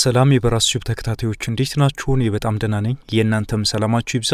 ሰላም የበራስ ዩብ ተከታታዮች እንዴት እኔ በጣም ደህና ነኝ። የእናንተም ሰላማችሁ ይብዛ።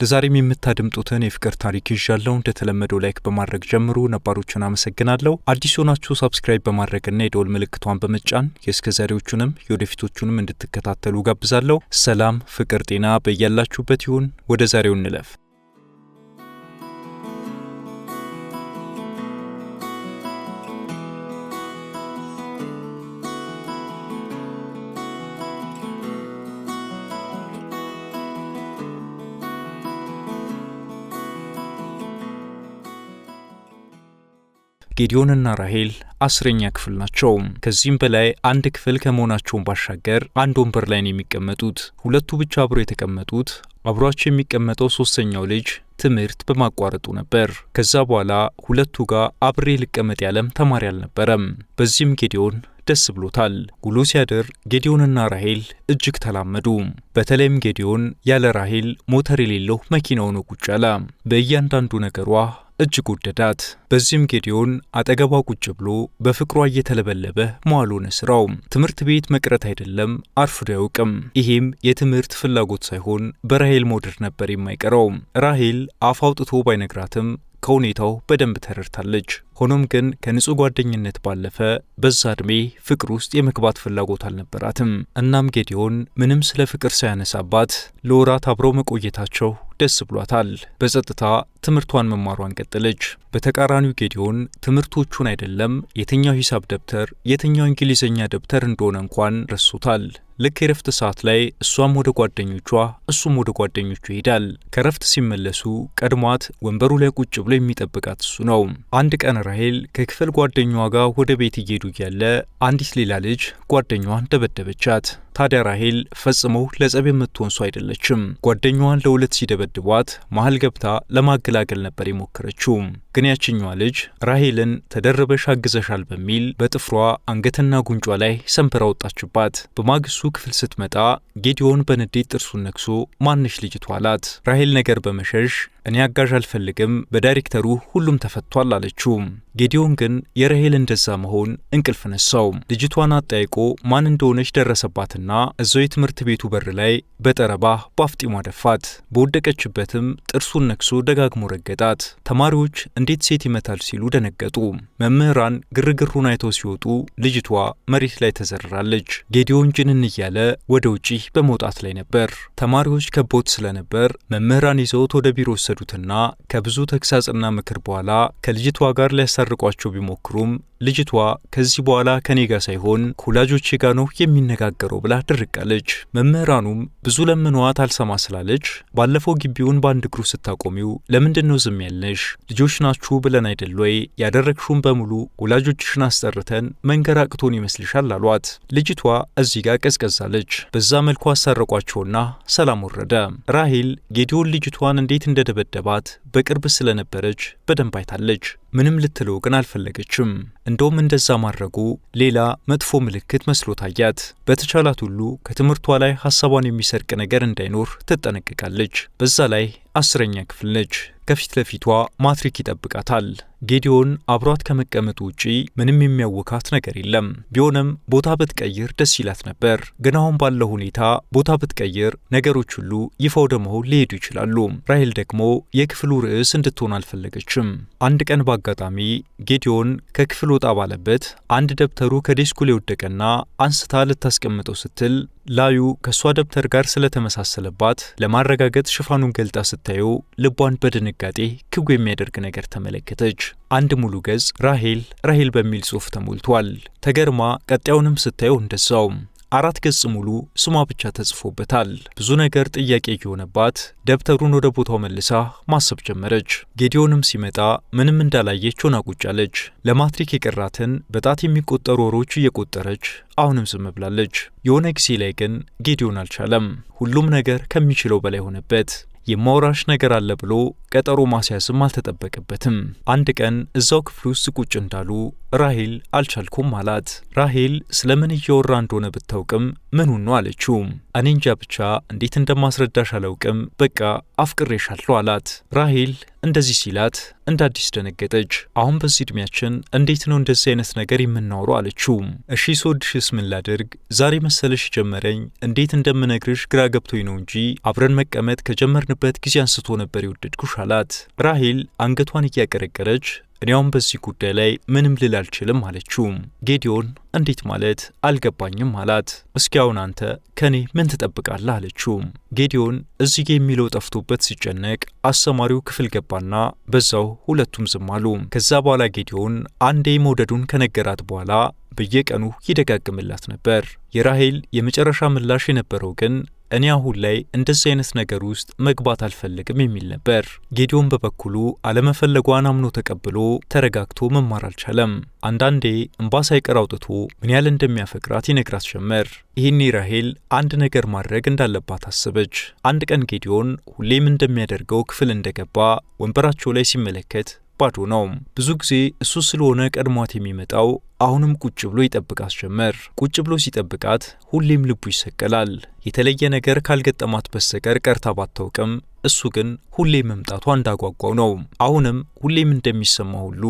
ለዛሬም የምታደምጡትን የፍቅር ታሪክ ይዣለሁ። እንደተለመደው ላይክ በማድረግ ጀምሩ። ነባሮቹን አመሰግናለሁ። አዲስ ሆናችሁ ሰብስክራይብ በማድረግና የደወል ምልክቷን በመጫን የእስከዛሬዎቹንም የወደፊቶቹንም እንድትከታተሉ ጋብዛለሁ። ሰላም፣ ፍቅር፣ ጤና በያላችሁበት ይሁን። ወደ ዛሬው እንለፍ። ጌዲዮንና ራሄል አስረኛ ክፍል ናቸው። ከዚህም በላይ አንድ ክፍል ከመሆናቸውን ባሻገር አንድ ወንበር ላይ ነው የሚቀመጡት። ሁለቱ ብቻ አብሮ የተቀመጡት አብሯቸው የሚቀመጠው ሶስተኛው ልጅ ትምህርት በማቋረጡ ነበር። ከዛ በኋላ ሁለቱ ጋር አብሬ ልቀመጥ ያለም ተማሪ አልነበረም። በዚህም ጌዲዮን ደስ ብሎታል። ውሎ ሲያደር ጌዲዮንና ራሄል እጅግ ተላመዱ። በተለይም ጌዲዮን ያለ ራሄል ሞተር የሌለው መኪናው ነው ቁጭ ያለ። በእያንዳንዱ ነገሯ እጅግ ወደዳት። በዚህም ጌዲዮን አጠገቧ ቁጭ ብሎ በፍቅሯ እየተለበለበ ሆነ ስራው ትምህርት ቤት መቅረት አይደለም አርፍዶ ያውቅም። ይሄም የትምህርት ፍላጎት ሳይሆን በራሄል መውደድ ነበር የማይቀረው። ራሄል አፍ አውጥቶ ባይነግራትም ከሁኔታው በደንብ ተረድታለች። ሆኖም ግን ከንጹህ ጓደኝነት ባለፈ በዛ ዕድሜ ፍቅር ውስጥ የመግባት ፍላጎት አልነበራትም። እናም ጌዲዮን ምንም ስለ ፍቅር ሳያነሳባት ለወራት አብረው መቆየታቸው ደስ ብሏታል። በጸጥታ ትምህርቷን መማሯን ቀጠለች። በተቃራኒው ጌዲዮን ትምህርቶቹን አይደለም የትኛው ሂሳብ ደብተር፣ የትኛው እንግሊዝኛ ደብተር እንደሆነ እንኳን ረሱታል። ልክ የረፍት ሰዓት ላይ እሷም ወደ ጓደኞቿ እሱም ወደ ጓደኞቹ ይሄዳል። ከረፍት ሲመለሱ ቀድሟት ወንበሩ ላይ ቁጭ ብሎ የሚጠብቃት እሱ ነው። አንድ ቀን ራሄል ከክፍል ጓደኛዋ ጋር ወደ ቤት እየሄዱ እያለ አንዲት ሌላ ልጅ ጓደኛዋን ደበደበቻት። ታዲያ ራሄል ፈጽሞ ለጸብ የምትሆን ሰው አይደለችም። ጓደኛዋን ለሁለት ሲደበድቧት መሀል ገብታ ለማገላገል ነበር የሞከረችው። ግን ያችኛዋ ልጅ ራሄልን ተደርበሽ አግዘሻል በሚል በጥፍሯ አንገትና ጉንጯ ላይ ሰንብራ አወጣችባት። በማግስቱ ክፍል ስትመጣ ጌዲዮን በንዴት ጥርሱን ነክሶ ማንሽ ልጅቷ አላት። ራሄል ነገር በመሸሽ እኔ አጋዥ አልፈልግም፣ በዳይሬክተሩ ሁሉም ተፈቷል አለችው። ጌዲዮን ግን የራሄል እንደዛ መሆን እንቅልፍ ነሳው። ልጅቷን አጠያይቆ ማን እንደሆነች ደረሰባትና አነሳትና እዛው የትምህርት ቤቱ በር ላይ በጠረባ በአፍጢሟ ደፋት። በወደቀችበትም ጥርሱን ነክሶ ደጋግሞ ረገጣት። ተማሪዎች እንዴት ሴት ይመታል ሲሉ ደነገጡ። መምህራን ግርግሩን አይተው ሲወጡ ልጅቷ መሬት ላይ ተዘርራለች። ጌዲዮን ጅንን እያለ ወደ ውጪ በመውጣት ላይ ነበር። ተማሪዎች ከቦት ስለነበር መምህራን ይዘውት ወደ ቢሮ ወሰዱትና ከብዙ ተግሳጽና ምክር በኋላ ከልጅቷ ጋር ሊያሳርቋቸው ቢሞክሩም ልጅቷ ከዚህ በኋላ ከኔ ጋር ሳይሆን ከወላጆቼ ጋር ነው የሚነጋገረው ብላ ድርቃለች። መምህራኑም ብዙ ለምኗት አልሰማ ስላለች ባለፈው ግቢውን በአንድ እግሩ ስታቆሚው ለምንድን ነው ዝም ያልነሽ? ልጆች ናችሁ ብለን አይደል ወይ? ያደረግሽውን በሙሉ ወላጆችሽን አስጠርተን መንገር አቅቶን ይመስልሻል አሏት። ልጅቷ እዚህ ጋር ቀዝቀዛለች። በዛ መልኩ አሳረቋቸውና ሰላም ወረደ። ራሄል ጌዲዮን ልጅቷን እንዴት እንደደበደባት በቅርብ ስለነበረች በደንብ አይታለች። ምንም ልትለው ግን አልፈለገችም። እንደውም እንደዛ ማድረጉ ሌላ መጥፎ ምልክት መስሎ ታያት። በተቻላት ሁሉ ከትምህርቷ ላይ ሀሳቧን የሚሰርቅ ነገር እንዳይኖር ትጠነቀቃለች። በዛ ላይ አስረኛ ክፍል ነች። ከፊት ለፊቷ ማትሪክ ይጠብቃታል። ጌዲዮን አብሯት ከመቀመጡ ውጪ ምንም የሚያወካት ነገር የለም። ቢሆንም ቦታ ብትቀይር ደስ ይላት ነበር። ግን አሁን ባለው ሁኔታ ቦታ ብትቀይር ነገሮች ሁሉ ይፋ ወደ መሆን ሊሄዱ ይችላሉ። ራሄል ደግሞ የክፍሉ ርዕስ እንድትሆን አልፈለገችም። አንድ ቀን በአጋጣሚ ጌዲዮን ከክፍል ወጣ ባለበት አንድ ደብተሩ ከዴስኩ ሊወደቀና አንስታ ልታስቀምጠው ስትል ላዩ ከእሷ ደብተር ጋር ስለተመሳሰለባት ለማረጋገጥ ሽፋኑን ገልጣ ስትል ስታየው ልቧን በድንጋጤ ክጉ የሚያደርግ ነገር ተመለከተች። አንድ ሙሉ ገጽ ራሄል ራሄል በሚል ጽሑፍ ተሞልቷል። ተገርማ ቀጣዩንም ስታየው እንደዛው አራት ገጽ ሙሉ ስሟ ብቻ ተጽፎበታል። ብዙ ነገር ጥያቄ እየሆነባት ደብተሩን ወደ ቦታው መልሳ ማሰብ ጀመረች። ጌዲዮንም ሲመጣ ምንም እንዳላየች ሆና ቁጭ ለማትሪክ የቀራትን በጣት የሚቆጠሩ ወሮች እየቆጠረች አሁንም ዝም ብላለች። የሆነ ጊዜ ላይ ግን ጌዲዮን አልቻለም። ሁሉም ነገር ከሚችለው በላይ ሆነበት። የማውራሽ ነገር አለ ብሎ ቀጠሮ ማስያዝም አልተጠበቀበትም። አንድ ቀን እዛው ክፍል ውስጥ ቁጭ እንዳሉ ራሄል አልቻልኩም አላት። ራሄል ስለምን እያወራ እንደሆነ ብታውቅም ምን ነው አለችው። እኔ እንጃ ብቻ እንዴት እንደማስረዳሽ አላውቅም፣ በቃ አፍቅሬሻለሁ አላት። ራሄል እንደዚህ ሲላት እንደ አዲስ ደነገጠች። አሁን በዚህ እድሜያችን እንዴት ነው እንደዚህ አይነት ነገር የምናወሩ አለችው። እሺ ስወድሽስ ምን ላድርግ? ዛሬ መሰለሽ ጀመረኝ። እንዴት እንደምነግርሽ ግራ ገብቶኝ ነው እንጂ አብረን መቀመጥ ከጀመርንበት ጊዜ አንስቶ ነበር የወደድኩሽ አላት። ራሄል አንገቷን እያቀረቀረች እኔውም በዚህ ጉዳይ ላይ ምንም ልል አልችልም አለችው። ጌዲዮን እንዴት ማለት አልገባኝም አላት። እስኪያሁን አንተ ከኔ ምን ትጠብቃለህ አለችው። ጌዲዮን እዚህ የሚለው ጠፍቶበት ሲጨነቅ አስተማሪው ክፍል ገባና በዛው ሁለቱም ዝም አሉ። ከዛ በኋላ ጌዲዮን አንዴ መውደዱን ከነገራት በኋላ በየቀኑ ይደጋግምላት ነበር። የራሄል የመጨረሻ ምላሽ የነበረው ግን እኔ አሁን ላይ እንደዚህ አይነት ነገር ውስጥ መግባት አልፈልግም የሚል ነበር። ጌዲዮን በበኩሉ አለመፈለጓን አምኖ ተቀብሎ ተረጋግቶ መማር አልቻለም። አንዳንዴ እምባ ሳይቀር አውጥቶ ምን ያህል እንደሚያፈቅራት ይነግራት ጀመር። ይህኔ ራሄል አንድ ነገር ማድረግ እንዳለባት አስበች! አንድ ቀን ጌዲዮን ሁሌም እንደሚያደርገው ክፍል እንደገባ ወንበራቸው ላይ ሲመለከት ባዶ ነው። ብዙ ጊዜ እሱ ስለሆነ ቀድሟት የሚመጣው አሁንም ቁጭ ብሎ ይጠብቃት ጀመር። ቁጭ ብሎ ሲጠብቃት ሁሌም ልቡ ይሰቀላል። የተለየ ነገር ካልገጠማት በስተቀር ቀርታ ባታውቅም እሱ ግን ሁሌም መምጣቷ እንዳጓጓው ነው። አሁንም ሁሌም እንደሚሰማ ሁሉ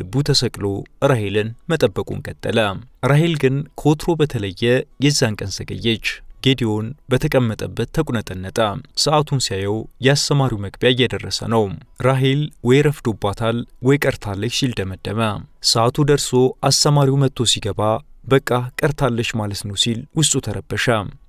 ልቡ ተሰቅሎ ራሄልን መጠበቁን ቀጠለ። ራሄል ግን ከወትሮ በተለየ የዛን ቀን ዘገየች። ጌዲዮን በተቀመጠበት ተቁነጠነጠ። ሰዓቱን ሲያየው የአስተማሪው መግቢያ እየደረሰ ነው። ራሄል ወይ ረፍዶባታል ወይ ቀርታለች ሲል ደመደመ። ሰዓቱ ደርሶ አስተማሪው መጥቶ ሲገባ በቃ ቀርታለች ማለት ነው ሲል ውስጡ ተረበሸ።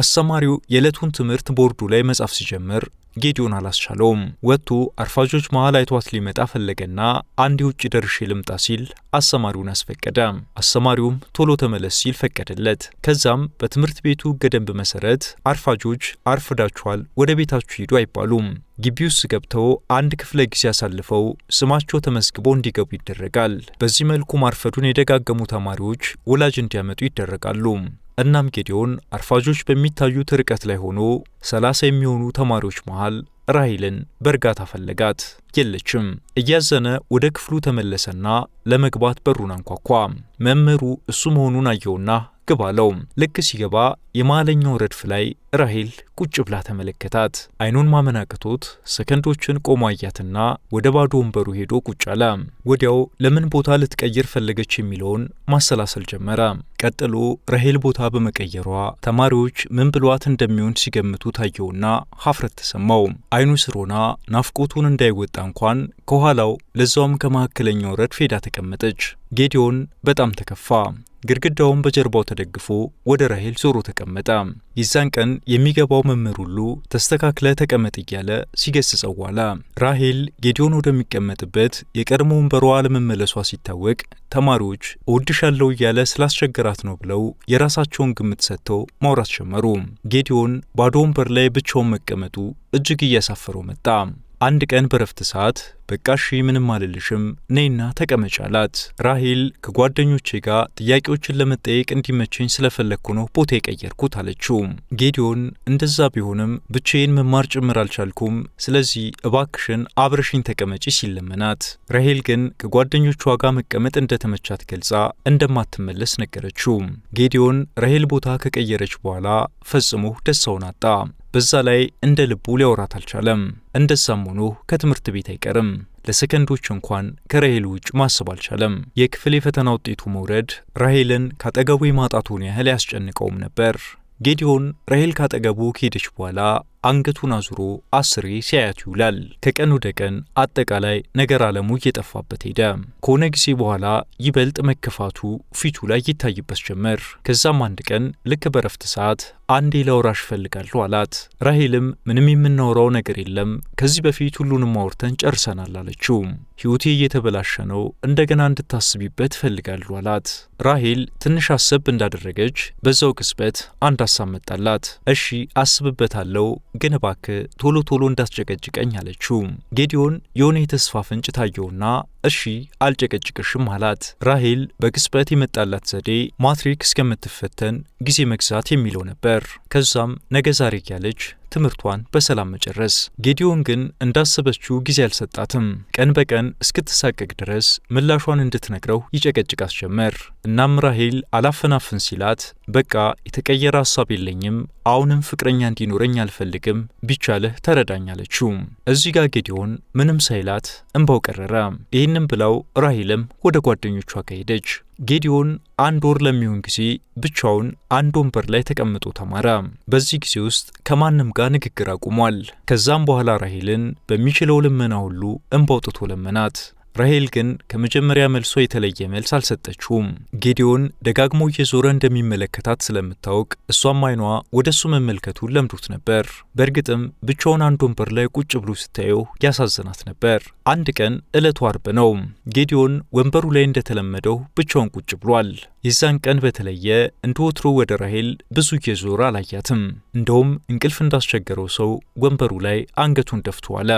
አስተማሪው የዕለቱን ትምህርት ቦርዱ ላይ መጻፍ ሲጀምር ጌዲዮን አላስቻለውም። ወጥቶ አርፋጆች መሀል አይቷት ሊመጣ ፈለገና አንድ የውጭ ደርሼ ልምጣ ሲል አስተማሪውን አስፈቀደ። አስተማሪውም ቶሎ ተመለስ ሲል ፈቀደለት። ከዛም በትምህርት ቤቱ ገደንብ መሰረት አርፋጆች አርፍዳችኋል፣ ወደ ቤታችሁ ሂዱ አይባሉም። ግቢ ውስጥ ገብተው አንድ ክፍለ ጊዜ አሳልፈው ስማቸው ተመዝግቦ እንዲገቡ ይደረጋል። በዚህ መልኩ ማርፈዱን የደጋገሙ ተማሪዎች ወላጅ እንዲያመጡ ይደረጋሉ። እናም ጌዲዮን አርፋጆች በሚታዩት ርቀት ላይ ሆኖ ሰላሳ የሚሆኑ ተማሪዎች መሃል ራሂልን በእርጋታ ፈለጋት። የለችም። እያዘነ ወደ ክፍሉ ተመለሰና ለመግባት በሩን አንኳኳ። መምህሩ እሱ መሆኑን አየውና ግባለው። ልክ ሲገባ የመሃለኛው ረድፍ ላይ ራሄል ቁጭ ብላ ተመለከታት። አይኑን ማመናቅቶት ሰከንዶችን ቆሞ አያትና ወደ ባዶ ወንበሩ ሄዶ ቁጭ አለ። ወዲያው ለምን ቦታ ልትቀይር ፈለገች የሚለውን ማሰላሰል ጀመረ። ቀጥሎ ራሄል ቦታ በመቀየሯ ተማሪዎች ምን ብሏት እንደሚሆን ሲገምቱ ታየውና ሀፍረት ተሰማው። አይኑ ስሮና ናፍቆቱን እንዳይወጣ እንኳን ከኋላው ለዛውም ከመካከለኛው ረድፍ ሄዳ ተቀመጠች። ጌዲዮን በጣም ተከፋ። ግድግዳውን በጀርባው ተደግፎ ወደ ራሄል ዞሮ ተቀመጠ። የዛን ቀን የሚገባው መምህር ሁሉ ተስተካክለ ተቀመጥ እያለ ሲገስጸው ዋላ። ራሄል ጌዲዮን ወደሚቀመጥበት የቀድሞ ወንበሯ አለመመለሷ ሲታወቅ ተማሪዎች እወድሻለሁ እያለ ስላስቸገራት ነው ብለው የራሳቸውን ግምት ሰጥተው ማውራት ጀመሩ። ጌዲዮን ባዶ ወንበር ላይ ብቻውን መቀመጡ እጅግ እያሳፈረው መጣ። አንድ ቀን በረፍት ሰዓት በቃ እሺ ምንም አልልሽም ነይና ተቀመጪ አላት። ራሄል ከጓደኞቼ ጋር ጥያቄዎችን ለመጠየቅ እንዲመቸኝ ስለፈለግኩ ነው ቦታ የቀየርኩት አለችው። ጌዲዮን እንደዛ ቢሆንም ብቻዬን መማር ጭምር አልቻልኩም፣ ስለዚህ እባክሽን አብረሽኝ ተቀመጪ ሲለመናት፣ ራሄል ግን ከጓደኞቿ ጋር መቀመጥ እንደተመቻት ገልጻ እንደማትመለስ ነገረችው። ጌዲዮን ራሄል ቦታ ከቀየረች በኋላ ፈጽሞ ደስታውን አጣ። በዛ ላይ እንደ ልቡ ሊያወራት አልቻለም። እንደዛም ሆኖ ከትምህርት ቤት አይቀርም። ለሰከንዶች እንኳን ከራሄል ውጭ ማሰብ አልቻለም። የክፍል የፈተና ውጤቱ መውረድ ራሄልን ካጠገቡ የማጣቱን ያህል ያስጨንቀውም ነበር። ጌዲዮን ራሄል ካጠገቡ ከሄደች በኋላ አንገቱን አዙሮ አስሬ ሲያያት ይውላል። ከቀን ወደ ቀን አጠቃላይ ነገር አለሙ እየጠፋበት ሄደ። ከሆነ ጊዜ በኋላ ይበልጥ መከፋቱ ፊቱ ላይ ይታይበት ጀመር። ከዛም አንድ ቀን ልክ በረፍት ሰዓት አንዴ ላውራሽ እፈልጋለሁ አላት። ራሄልም ምንም የምናወራው ነገር የለም ከዚህ በፊት ሁሉንም አውርተን ጨርሰናል አለችው። ሕይወቴ እየተበላሸ ነው፣ እንደገና እንድታስቢበት እፈልጋለሁ አላት። ራሄል ትንሽ አሰብ እንዳደረገች በዛው ቅጽበት አንድ አሳብ መጣላት። እሺ አስብበታለሁ ግን እባክህ ቶሎ ቶሎ እንዳስጨቀጭቀኝ አለችው። ጌዲዮን የሆነ የተስፋ ፍንጭ ታየውና እሺ አልጨቀጭቅሽም አላት። ራሄል በቅጽበት የመጣላት ዘዴ ማትሪክ እስከምትፈተን ጊዜ መግዛት የሚለው ነበር። ከዛም ነገ ዛሬ ያለች ትምህርቷን በሰላም መጨረስ። ጌዲዮን ግን እንዳሰበችው ጊዜ አልሰጣትም። ቀን በቀን እስክትሳቀቅ ድረስ ምላሿን እንድትነግረው ይጨቀጭቃት ጀመር። እናም ራሄል አላፈናፍን ሲላት በቃ የተቀየረ ሀሳብ የለኝም፣ አሁንም ፍቅረኛ እንዲኖረኝ አልፈልግም፣ ቢቻልህ ተረዳኝ አለችው። እዚህ ጋር ጌዲዮን ምንም ሳይላት እንባው ቀረረ። ይህንም ብላው ራሂልም ወደ ጓደኞቿ ከሄደች። ጌዲዮን አንድ ወር ለሚሆን ጊዜ ብቻውን አንድ ወንበር ላይ ተቀምጦ ተማረ። በዚህ ጊዜ ውስጥ ከማንም ጋር ንግግር አቁሟል። ከዛም በኋላ ራሂልን በሚችለው ልመና ሁሉ እንባ አውጥቶ ለመናት። ራሄል ግን ከመጀመሪያ መልሶ የተለየ መልስ አልሰጠችውም። ጌዲዮን ደጋግሞ እየዞረ እንደሚመለከታት ስለምታውቅ እሷም አይኗ ወደ እሱ መመልከቱን ለምዶት ነበር። በእርግጥም ብቻውን አንድ ወንበር ላይ ቁጭ ብሎ ስታየው ያሳዝናት ነበር። አንድ ቀን ዕለቱ አርብ ነው። ጌዲዮን ወንበሩ ላይ እንደተለመደው ብቻውን ቁጭ ብሏል። የዛን ቀን በተለየ እንደ ወትሮ ወደ ራሄል ብዙ እየዞረ አላያትም። እንደውም እንቅልፍ እንዳስቸገረው ሰው ወንበሩ ላይ አንገቱን ደፍቶ አለ።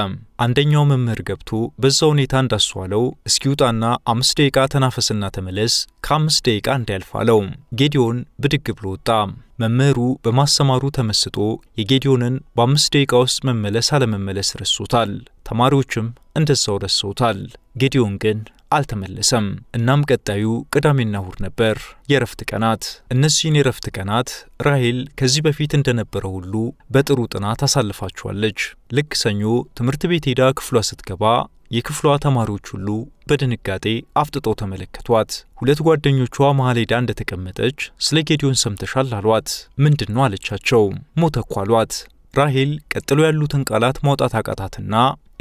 አንደኛው መምህር ገብቶ በዛ ሁኔታ እንዳስዋለው እስኪውጣና አምስት ደቂቃ ተናፈስና ተመለስ፣ ከአምስት ደቂቃ እንዳያልፍ አለው። ጌዲዮን ብድግ ብሎ ወጣ። መምህሩ በማስተማሩ ተመስጦ የጌዲዮንን በአምስት ደቂቃ ውስጥ መመለስ አለመመለስ ረሶታል። ተማሪዎችም እንደዛው ረሶታል። ጌዲዮን ግን አልተመለሰም። እናም ቀጣዩ ቅዳሜና እሁድ ነበር የእረፍት ቀናት። እነዚህን የእረፍት ቀናት ራሄል ከዚህ በፊት እንደነበረ ሁሉ በጥሩ ጥናት አሳልፋችኋለች። ልክ ሰኞ ትምህርት ቤት ሄዳ ክፍሏ ስትገባ የክፍሏ ተማሪዎች ሁሉ በድንጋጤ አፍጥጦ ተመለከቷት። ሁለት ጓደኞቿ መሀል ሄዳ እንደተቀመጠች ስለ ጌዲዮን ሰምተሻል አሏት። ምንድን ነው አለቻቸው። ሞተ እኮ አሏት። ራሄል ቀጥሎ ያሉትን ቃላት ማውጣት አቃታትና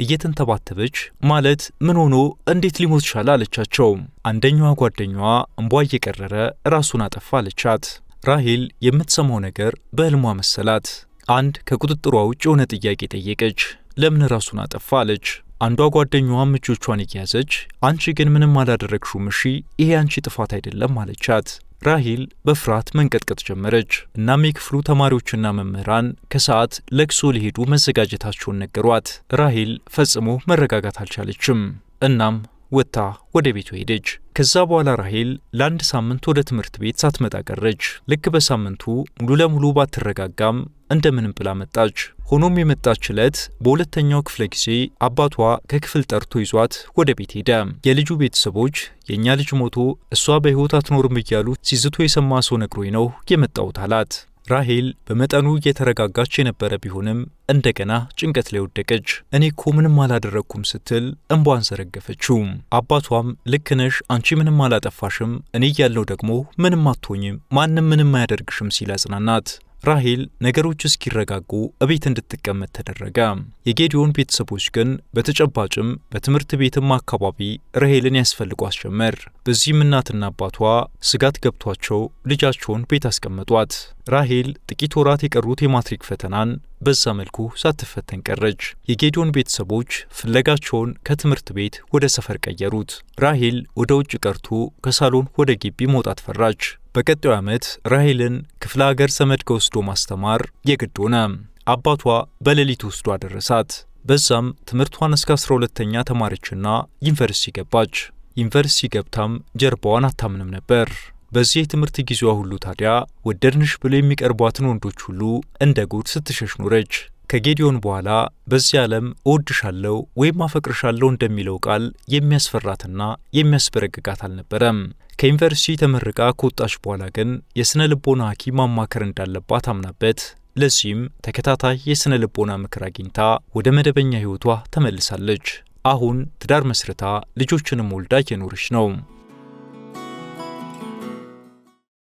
እየተንተባተበች ማለት ምን ሆኖ እንዴት ሊሞት ቻለ አለቻቸው። አንደኛዋ ጓደኛዋ እንቧ እየቀረረ ራሱን አጠፋ አለቻት። ራሄል የምትሰማው ነገር በህልሟ መሰላት። አንድ ከቁጥጥሯ ውጭ የሆነ ጥያቄ ጠየቀች። ለምን ራሱን አጠፋ አለች። አንዷ ጓደኛዋም እጆቿን እየያዘች አንቺ ግን ምንም አላደረግሽውም፣ እሺ ይሄ አንቺ ጥፋት አይደለም አለቻት። ራሂል በፍርሃት መንቀጥቀጥ ጀመረች። እናም የክፍሉ ተማሪዎችና መምህራን ከሰዓት ለቅሶ ሊሄዱ መዘጋጀታቸውን ነገሯት። ራሂል ፈጽሞ መረጋጋት አልቻለችም። እናም ወጥታ ወደ ቤቱ ሄደች። ከዛ በኋላ ራሄል ለአንድ ሳምንት ወደ ትምህርት ቤት ሳትመጣ ቀረች። ልክ በሳምንቱ ሙሉ ለሙሉ ባትረጋጋም እንደምንም ብላ መጣች። ሆኖም የመጣች ዕለት በሁለተኛው ክፍለ ጊዜ አባቷ ከክፍል ጠርቶ ይዟት ወደ ቤት ሄደ። የልጁ ቤተሰቦች የእኛ ልጅ ሞቶ እሷ በሕይወት አትኖርም እያሉ ሲዝቶ የሰማ ሰው ነግሮኝ ነው የመጣሁት አላት። ራሄል በመጠኑ እየተረጋጋች የነበረ ቢሆንም እንደገና ጭንቀት ላይ ወደቀች። እኔ እኮ ምንም አላደረግኩም ስትል እንቧን ዘረገፈችው። አባቷም ልክ ነሽ፣ አንቺ ምንም አላጠፋሽም፣ እኔ እያለሁ ደግሞ ምንም አትሆኝም፣ ማንም ምንም አያደርግሽም ሲል አጽናናት። ራሄል ነገሮች እስኪረጋጉ እቤት እንድትቀመጥ ተደረገ። የጌዲዮን ቤተሰቦች ግን በተጨባጭም በትምህርት ቤትም አካባቢ ራሄልን ያስፈልጓት ጀመር። በዚህም እናትና አባቷ ስጋት ገብቷቸው ልጃቸውን ቤት አስቀመጧት። ራሄል ጥቂት ወራት የቀሩት የማትሪክ ፈተናን በዛ መልኩ ሳትፈተን ቀረች። የጌዲዮን ቤተሰቦች ፍለጋቸውን ከትምህርት ቤት ወደ ሰፈር ቀየሩት። ራሄል ወደ ውጭ ቀርቶ ከሳሎን ወደ ግቢ መውጣት ፈራች። በቀጣዩ ዓመት ራሄልን ክፍለ ሀገር ዘመድ ከወስዶ ማስተማር የግድ ሆነ። አባቷ በሌሊት ወስዶ አደረሳት። በዛም ትምህርቷን እስከ 1 ተኛ ተማረችና ዩኒቨርሲቲ ገባች። ዩኒቨርሲቲ ገብታም ጀርባዋን አታምንም ነበር። በዚህ የትምህርት ጊዜዋ ሁሉ ታዲያ ወደድንሽ ብሎ የሚቀርቧትን ወንዶች ሁሉ እንደ ጉድ ስትሸሽ ኖረች። ከጌዲዮን በኋላ በዚህ ዓለም እወድሻለሁ ወይም አፈቅርሻለሁ እንደሚለው ቃል የሚያስፈራትና የሚያስበረግጋት አልነበረም። ከዩኒቨርሲቲ ተመርቃ ከወጣች በኋላ ግን የሥነ ልቦና ሐኪም ማማከር እንዳለባት አምናበት ለዚህም ተከታታይ የሥነ ልቦና ምክር አግኝታ ወደ መደበኛ ሕይወቷ ተመልሳለች። አሁን ትዳር መስርታ ልጆችንም ወልዳ እየኖረች ነው።